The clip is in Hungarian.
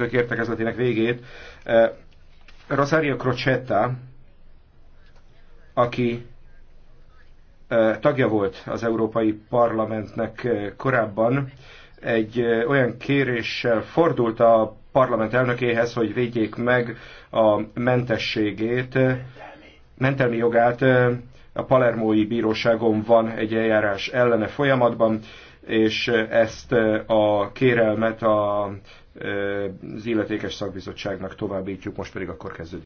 elnökök értekezletének végét. Rosario Crocetta, aki tagja volt az Európai Parlamentnek korábban, egy olyan kéréssel fordult a parlament elnökéhez, hogy védjék meg a mentességét, mentelmi jogát a Palermói Bíróságon van egy eljárás ellene folyamatban, és ezt a kérelmet a, az illetékes szakbizottságnak továbbítjuk, most pedig akkor kezdődik.